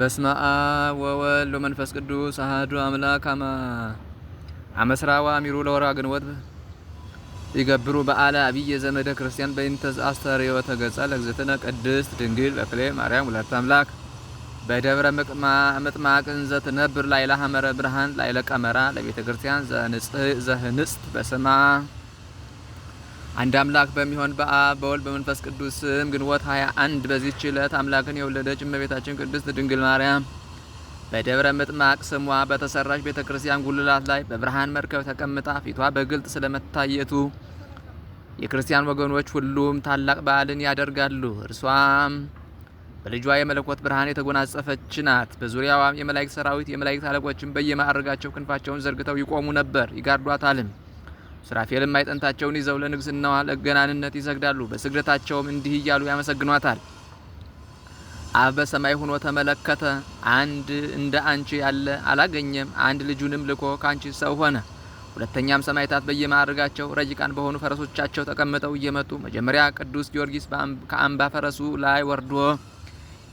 በስመ አብ ወወልድ ወመንፈስ ቅዱስ አሐዱ አምላክ አመስራዋ አሚሩ ለወርሃ ግንቦት ይገብሩ በዓለ አብየ ዘመደ ክርስቲያን በእንተ አስተርእዮ ተገጸ ለእግዝእትነ ቅድስት ድንግል በክሌ ማርያም ወላዲተ አምላክ በደብረ ምጥማቅ እንዘ ትነብር ላዕለ ሐመረ ብርሃን ላዕለ ቀመራ ለቤተ ክርስቲያን ዘንጽሕት በስማ አንድ አምላክ በሚሆን በአብ በወልድ በመንፈስ ቅዱስ ስም ግንቦት 21 በዚህች ዕለት አምላክን የወለደች እመቤታችን ቅድስት ድንግል ማርያም በደብረ ምጥማቅ ስሟ በተሰራች ቤተ ክርስቲያን ጉልላት ላይ በብርሃን መርከብ ተቀምጣ ፊቷ በግልጥ ስለመታየቱ የክርስቲያን ወገኖች ሁሉም ታላቅ በዓልን ያደርጋሉ። እርሷም በልጇ የመለኮት ብርሃን የተጎናጸፈች ናት። በዙሪያዋም የመላእክት ሰራዊት የመላእክት አለቆችን በየማዕረጋቸው ክንፋቸውን ዘርግተው ይቆሙ ነበር፣ ይጋርዷታልም። ስራፌልም አይጠንታቸውን ይዘው ለንግስናዋ ለገናንነት ይሰግዳሉ። በስግደታቸውም እንዲህ እያሉ ያመሰግኗታል። አብ በሰማይ ሆኖ ተመለከተ፣ አንድ እንደ አንቺ ያለ አላገኘም። አንድ ልጁንም ልኮ ካንቺ ሰው ሆነ። ሁለተኛም ሰማይታት በየማዕርጋቸው ረቂቃን በሆኑ ፈረሶቻቸው ተቀምጠው እየመጡ መጀመሪያ ቅዱስ ጊዮርጊስ ከአምባ ፈረሱ ላይ ወርዶ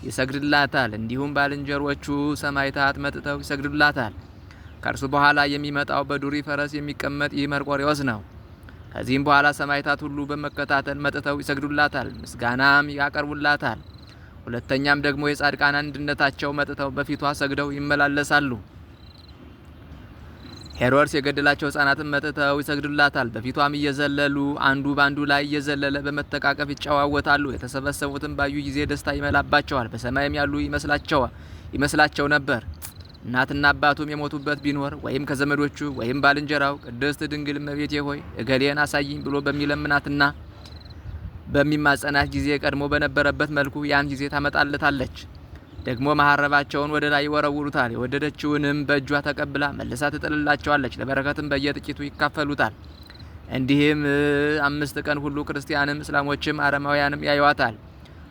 ይሰግድላታል። እንዲሁም ባልንጀሮቹ ሰማይታት መጥተው ይሰግድላታል። ከእርሱ በኋላ የሚመጣው በዱሪ ፈረስ የሚቀመጥ ይህ መርቆሬዎስ ነው። ከዚህም በኋላ ሰማዕታት ሁሉ በመከታተል መጥተው ይሰግዱላታል፣ ምስጋናም ያቀርቡላታል። ሁለተኛም ደግሞ የጻድቃን አንድነታቸው መጥተው በፊቷ ሰግደው ይመላለሳሉ። ሄሮድስ የገደላቸው ህጻናትን መጥተው ይሰግዱላታል። በፊቷም እየዘለሉ አንዱ በአንዱ ላይ እየዘለለ በመተቃቀፍ ይጨዋወታሉ። የተሰበሰቡትን ባዩ ጊዜ ደስታ ይመላባቸዋል፣ በሰማይም ያሉ ይመስላቸው ነበር። እናትና አባቱም የሞቱበት ቢኖር ወይም ከዘመዶቹ ወይም ባልንጀራው ቅድስት ድንግል እመቤቴ ሆይ እገሌን አሳይኝ ብሎ በሚለምናትና በሚማጸናት ጊዜ ቀድሞ በነበረበት መልኩ ያን ጊዜ ታመጣለታለች። ደግሞ መሀረባቸውን ወደ ላይ ይወረውሩታል። የወደደችውንም በእጇ ተቀብላ መልሳ ትጥልላቸዋለች። ለበረከትም በየጥቂቱ ይካፈሉታል። እንዲህም አምስት ቀን ሁሉ ክርስቲያንም፣ እስላሞችም፣ አረማውያንም ያዩዋታል።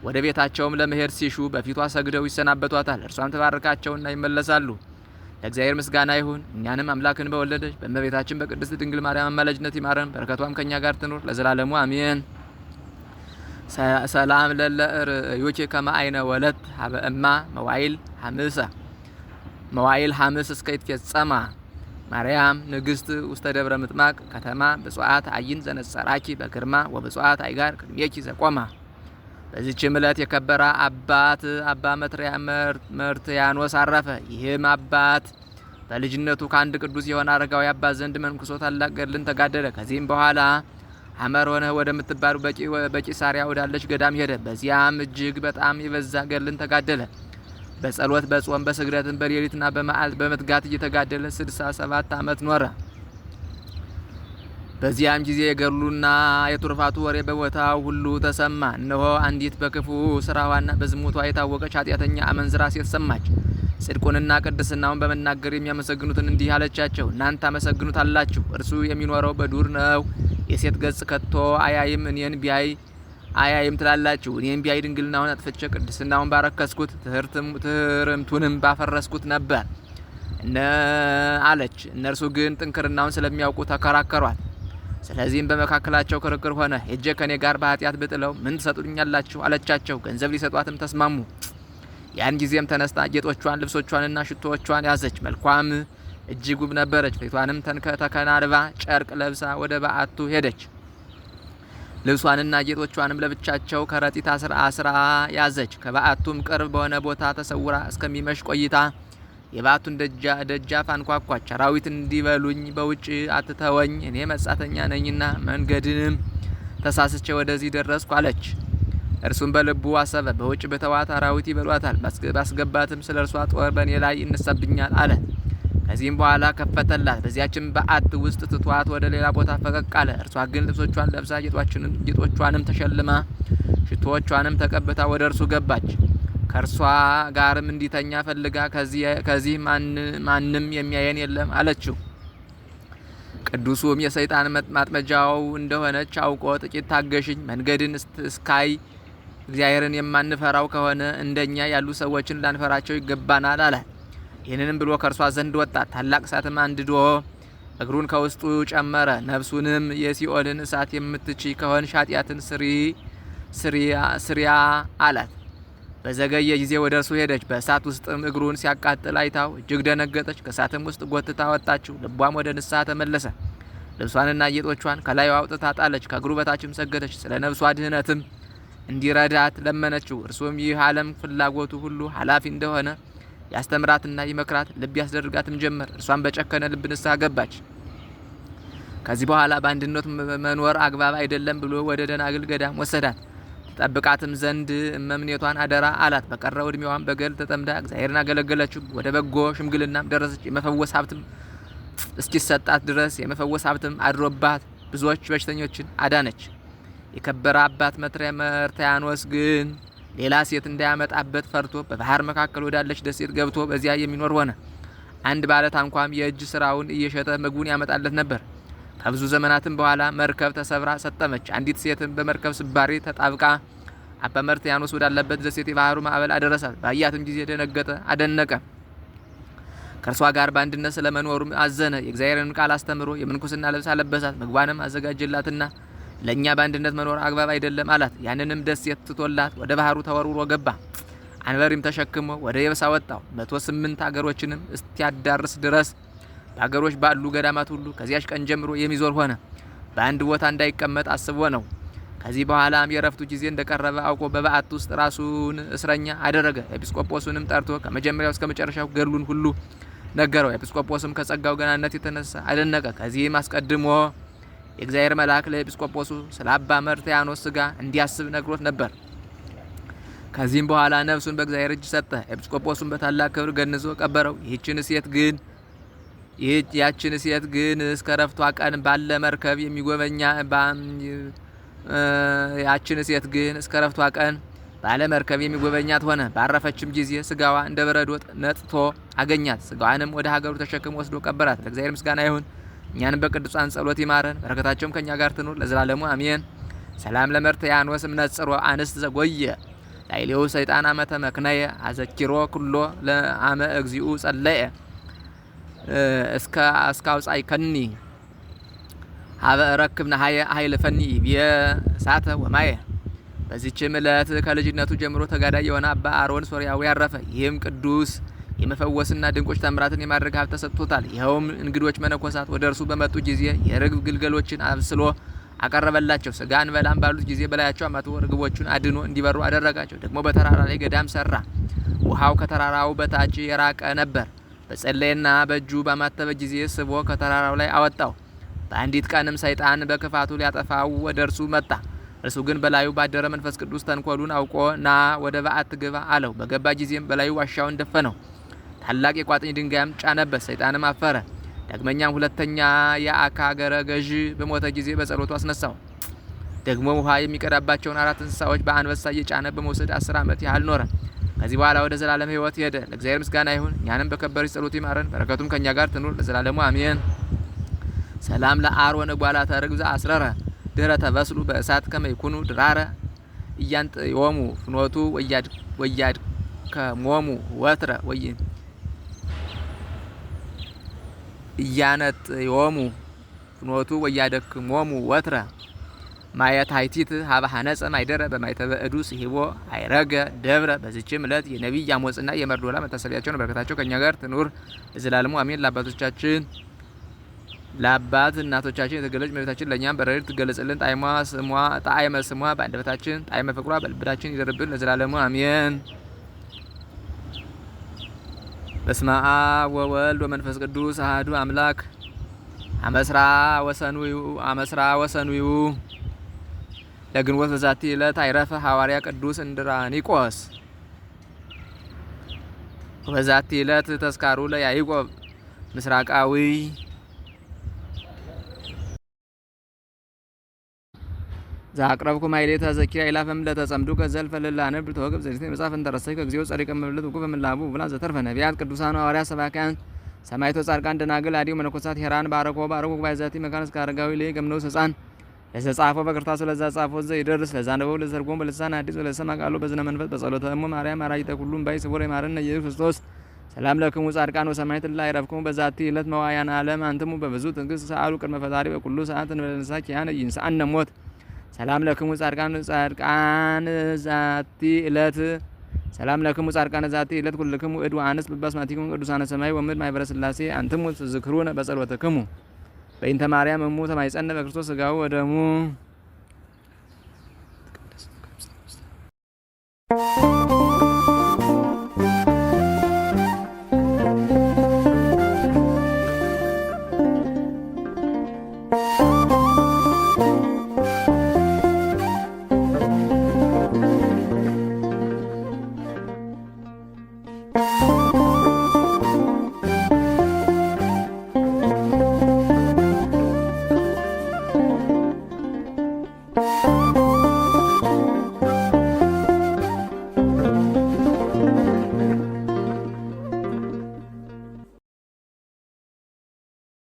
ወደ ቤታቸውም ለመሄድ ሲሹ በፊቷ ሰግደው ይሰናበቷታል። እርሷም ትባርካቸውና ይመለሳሉ። ለእግዚአብሔር ምስጋና ይሁን። እኛንም አምላክን በወለደች በእመቤታችን በቅድስት ድንግል ማርያም አማላጅነት ይማረን። በረከቷም ከእኛ ጋር ትኖር ለዘላለሙ አሜን። ሰላም ለለ ርእዮቼ ከማአይነ ወለት እማ መዋይል ሐምሰ መዋይል ሐምስ እስከ ይትፌጸማ ማርያም ንግሥት ውስተ ደብረ ምጥማቅ ከተማ ብጽዋት አይን ዘነጸራኪ በግርማ ወብጽዋት አይጋር ቅድሜኪ ዘቆማ በዚች ዕለት የከበረ አባት አባ መርትያኖስ አረፈ። ይህም አባት በልጅነቱ ከአንድ ቅዱስ የሆነ አረጋዊ አባት ዘንድ መንኩሶ ታላቅ ገድልን ተጋደለ። ከዚህም በኋላ ሐመር ሆነ ወደምትባሉ በቂሳሪያ ወዳለች ገዳም ሄደ። በዚያም እጅግ በጣም የበዛ ገድልን ተጋደለ። በጸሎት በጾም በስግደትን በሌሊትና በመዓልት በመትጋት እየተጋደለ ስድሳ ሰባት ዓመት ኖረ። በዚያም ጊዜ የገድሉና የትሩፋቱ ወሬ በቦታው ሁሉ ተሰማ። እነሆ አንዲት በክፉ ስራዋና በዝሙቷ የታወቀች ኃጢአተኛ አመንዝራ ሴት ሰማች። ጽድቁንና ቅድስናውን በመናገር የሚያመሰግኑትን እንዲህ አለቻቸው፣ እናንተ አመሰግኑት አላችሁ። እርሱ የሚኖረው በዱር ነው። የሴት ገጽ ከቶ አያይም። እኔን ቢያይ አያይም ትላላችሁ። እኔም ቢያይ ድንግልናውን አጥፍቼ ቅድስናውን ባረከስኩት፣ ትህርምቱንም ባፈረስኩት ነበር አለች። እነርሱ ግን ጥንክርናውን ስለሚያውቁ ተከራከሯል። ስለዚህም በመካከላቸው ክርክር ሆነ። ሄጄ ከኔ ጋር በኃጢአት ብጥለው ምን ትሰጡኛላችሁ? አለቻቸው። ገንዘብ ሊሰጧትም ተስማሙ። ያን ጊዜም ተነስታ ጌጦቿን፣ ልብሶቿንና ሽቶዎቿን ያዘች። መልኳም እጅግ ውብ ነበረች። ፊቷንም ተከናንባ ጨርቅ ለብሳ ወደ በዓቱ ሄደች። ልብሷንና ጌጦቿንም ለብቻቸው ከረጢት አስራ አስራ ያዘች። ከበዓቱም ቅርብ በሆነ ቦታ ተሰውራ እስከሚመሽ ቆይታ የባቱን ደጃፍ አንኳኳች። አራዊት እንዲበሉኝ በውጭ አትተወኝ፣ እኔ መጻተኛ ነኝና መንገድንም ተሳስቼ ወደዚህ ደረስኩ አለች። እርሱም በልቡ አሰበ፣ በውጭ በተዋት አራዊት ይበሏታል፣ ባስገባትም ስለ እርሷ ጦር በእኔ ላይ ይነሳብኛል አለ። ከዚህም በኋላ ከፈተላት፣ በዚያችን በዓት ውስጥ ትቷት ወደ ሌላ ቦታ ፈቀቅ አለ። እርሷ ግን ልብሶቿን ለብሳ ጌጦቿንም ተሸልማ ሽቶዎቿንም ተቀብታ ወደ እርሱ ገባች። ከእርሷ ጋርም እንዲተኛ ፈልጋ ከዚህ ማንም የሚያየን የለም አለችው። ቅዱሱም የሰይጣን ማጥመጃው እንደሆነች አውቆ ጥቂት ታገሽኝ፣ መንገድን እስካይ እግዚአብሔርን የማንፈራው ከሆነ እንደኛ ያሉ ሰዎችን ላንፈራቸው ይገባናል አለ። ይህንንም ብሎ ከእርሷ ዘንድ ወጣ። ታላቅ እሳትም አንድዶ እግሩን ከውስጡ ጨመረ። ነፍሱንም የሲኦልን እሳት የምትችይ ከሆን ኃጢአትን ስሪ ስሪያ አላት። በዘገየ ጊዜ ወደ እርሱ ሄደች። በእሳት ውስጥም እግሩን ሲያቃጥል አይታው እጅግ ደነገጠች። ከእሳትም ውስጥ ጎትታ ወጣችው ልቧም ወደ ንስሐ ተመለሰ። ልብሷንና ጌጦቿን ከላዩ አውጥታ ጣለች። ከእግሩ በታችም ሰገደች። ስለ ነብሷ ድህነትም እንዲረዳት ለመነችው። እርሱም ይህ ዓለም ፍላጎቱ ሁሉ ኃላፊ እንደሆነ ያስተምራትና ይመክራት፣ ልብ ያስደርጋትም ጀመር። እርሷን በጨከነ ልብ ንስሐ ገባች። ከዚህ በኋላ በአንድነት መኖር አግባብ አይደለም ብሎ ወደ ደናግል ገዳም ወሰዳት። ጠብቃትም ዘንድ እመምኔቷን አደራ አላት። በቀረው እድሜዋን በገል ተጠምዳ እግዚአብሔርን አገለገለችው። ወደ በጎ ሽምግልናም ደረሰች። የመፈወስ ሀብትም እስኪሰጣት ድረስ የመፈወስ ሀብትም አድሮባት ብዙዎች በሽተኞችን አዳነች። የከበረ አባት መትሪያ መርታያኖስ ግን ሌላ ሴት እንዳያመጣበት ፈርቶ በባህር መካከል ወዳለች ደሴት ገብቶ በዚያ የሚኖር ሆነ። አንድ ባለ ታንኳም የእጅ ስራውን እየሸጠ ምግቡን ያመጣለት ነበር። ከብዙ ዘመናትም በኋላ መርከብ ተሰብራ ሰጠመች። አንዲት ሴትም በመርከብ ስባሪ ተጣብቃ አባ መርትያኖስ ወዳለበት ደሴት የባህሩ ማዕበል አደረሳት። ባያትም ጊዜ ደነገጠ፣ አደነቀ። ከእርሷ ጋር በአንድነት ስለመኖሩ አዘነ። የእግዚአብሔርን ቃል አስተምሮ የምንኩስና ልብስ አለበሳት። ምግቧንም አዘጋጀላትና ለእኛ በአንድነት መኖር አግባብ አይደለም አላት። ያንንም ደሴት ትቶላት ወደ ባህሩ ተወርውሮ ገባ። አንበሪም ተሸክሞ ወደ የብሳ ወጣው መቶ ስምንት ሀገሮችንም እስቲያዳርስ ድረስ በሀገሮች ባሉ ገዳማት ሁሉ ከዚያች ቀን ጀምሮ የሚዞር ሆነ። በአንድ ቦታ እንዳይቀመጥ አስቦ ነው። ከዚህ በኋላም የእረፍቱ ጊዜ እንደቀረበ አውቆ በበዓት ውስጥ ራሱን እስረኛ አደረገ። ኤጲስቆጶስንም ጠርቶ ከመጀመሪያው እስከ መጨረሻው ገድሉን ሁሉ ነገረው። ኤጲስቆጶስም ከጸጋው ገናነት የተነሳ አደነቀ። ከዚህም አስቀድሞ የእግዚአብሔር መልአክ ለኤጲስቆጶሱ ስለ አባ መርትያኖስ ስጋ እንዲያስብ ነግሮት ነበር። ከዚህም በኋላ ነፍሱን በእግዚአብሔር እጅ ሰጠ። ኤጲስቆጶሱን በታላቅ ክብር ገንዞ ቀበረው። ይህችን ሴት ግን ያችን ሴት ግን እስከ ረፍቷ ቀን ባለ መርከብ የሚጎበኛ ያችን ሴት ግን እስከ ረፍቷ ቀን ባለ መርከብ የሚጎበኛት ሆነ። ባረፈችም ጊዜ ስጋዋ እንደ በረዶ ነጥቶ አገኛት። ስጋዋንም ወደ ሀገሩ ተሸክሞ ወስዶ ቀበራት። ለእግዚአብሔር ምስጋና ይሁን፣ እኛንም በቅዱሳን ጸሎት ይማረን፣ በረከታቸውም ከእኛ ጋር ትኑር ለዘላለሙ አሜን። ሰላም ለመርትያኖስ እምነጽሮ አንስት ዘጎየ ላይሌው ሰይጣን አመተ መክናየ አዘኪሮ ኩሎ ለአመ እግዚኡ ጸለየ እስከ እስከ አውጻኢ ከኒ ሀበ ረክብና ሀይል ፈኒ ቢሳተ ወማየ። በዚችም ዕለት ከልጅነቱ ጀምሮ ተጋዳይ የሆነ አባ አሮን ሶርያዊ ያረፈ። ይህም ቅዱስ የመፈወስና ድንቆች ተምራትን የማድረግ ሀብት ተሰጥቶታል። ይኸውም እንግዶች መነኮሳት ወደ እርሱ በመጡ ጊዜ የርግብ ግልገሎችን አብስሎ አቀረበላቸው። ስጋ እንበላም ባሉት ጊዜ በላያቸው አማቶ ርግቦቹን አድኖ እንዲበሩ አደረጋቸው። ደግሞ በተራራ ላይ ገዳም ሰራ። ውሃው ከተራራው በታች የራቀ ነበር። በጸለየና በእጁ በማተበ ጊዜ ስቦ ከተራራው ላይ አወጣው። በአንዲት ቀንም ሰይጣን በክፋቱ ሊያጠፋው ወደ እርሱ መጣ። እርሱ ግን በላዩ ባደረ መንፈስ ቅዱስ ተንኮሉን አውቆ ና ወደ በዓት ግባ አለው። በገባ ጊዜም በላዩ ዋሻውን ደፈነው፣ ታላቅ የቋጥኝ ድንጋይም ጫነበት። ሰይጣንም አፈረ። ዳግመኛም ሁለተኛ የአካ ገረ ገዥ በሞተ ጊዜ በጸሎቱ አስነሳው። ደግሞ ውሃ የሚቀዳባቸውን አራት እንስሳዎች በአንበሳ እየጫነ በመውሰድ አስር ዓመት ያህል ኖረ። ከዚህ በኋላ ወደ ዘላለም ህይወት ሄደ። ለእግዚአብሔር ምስጋና ይሁን፣ እኛንም በከበረች ጸሎት ይማረን፣ በረከቱም ከእኛ ጋር ትኑር ለዘላለሙ አሜን። ሰላም ለአሮን ጓላተ ርግዛ አስረረ ድረ ተበስሉ በእሳት ከመይኩኑ ድራረ እያንጥዮሙ ፍኖቱ ወያድ ወያድ ከሞሙ ወትረ ወይ እያነጥዮሙ ፍኖቱ ወያደክሞሙ ወትረ አይቲት ሀበ ሀነጸ ማይደረ በማይተበ እዱስ ሂቦ አይረገ ደብረ። በዚችም እለት የነቢይ አሞጽና የመርዶላ መታሰቢያቸው በረከታቸው ከእኛ ጋር ትኑር እዝላለሙ አሜን። ለአባቶቻችን ለአባት እናቶቻችን የተገለጭ መቤታችን ለእኛም በረድ ትገለጽልን። ጣይማ ስሟ ጣይመ ስሟ በአንደበታችን ጣይመ ፍቅሯ በልባችን ይደርብን ለዘላለሙ አሜን። በስመ አብ ወወልድ ወመንፈስ ቅዱስ አህዱ አምላክ አመስራ ወሰኑዩ አመስራ ወሰኑዩ ለግንቦት በዛቲ ዕለት አይረፈ ሐዋርያ ቅዱስ እንድራኒቆስ በዛቲ ዕለት ተስካሩ ለያዕቆብ ምስራቃዊ ዛቅረብኩ ማይሌ ዘኪርያ ኢላፈም ለተጸምዱ ከዘልፈ ነብር ተወግብ ዘዲት መጽሐፍ እንተረሰይ ከጊዜው ጸሪቀ መብለት ወቁ በምላቡ ብላ ዘተርፈ ነቢያት ቅዱሳን ሐዋርያ ሰባክያን ሰማይቶ ጻድቃን ደናግል አዲው መነኮሳት ሄራን ባረኮ ባረኮ ባይዛቲ መካነ እስከ አረጋዊ ላይ ገምነው ሕፃን ለተጻፈው በክርታሱ ለዛ ጻፈው ዘ ይደርስ ለዛ ለዘርጎም በልሳን አዲስ ለሰማ ቃሉ በዝነ መንፈስ በጸሎተ እሙ ማርያም አራጅተ ሁሉም ባይ ስቡረ ማረነ ኢየሱስ ክርስቶስ ሰላም ለክሙ ጻድቃን ወሰማዕት ላ ረፍክሙ በዛቲ ዕለት መዋያን ዓለም አንትሙ በብዙ ትዕግስት ሰአሉ ቅድመ ፈጣሪ በኩሉ ሰዓት እንበለንሳ ኪያነ ይንሳአነ ሞት ሰላም ለክሙ ጻድቃን ጻድቃን ዛቲ ዕለት ሰላም ለክሙ ጻድቃን ዛቲ ዕለት ኩልክሙ እድ ወአንስ በባስማቲኩም ቅዱሳነ ሰማይ ወምድር ማኅበረ ሥላሴ አንትሙ ትዝክሩነ በጸሎተክሙ በእንተ ማርያም እሙ ተማይጸነ በክርስቶስ ስጋው ወደሙ thank you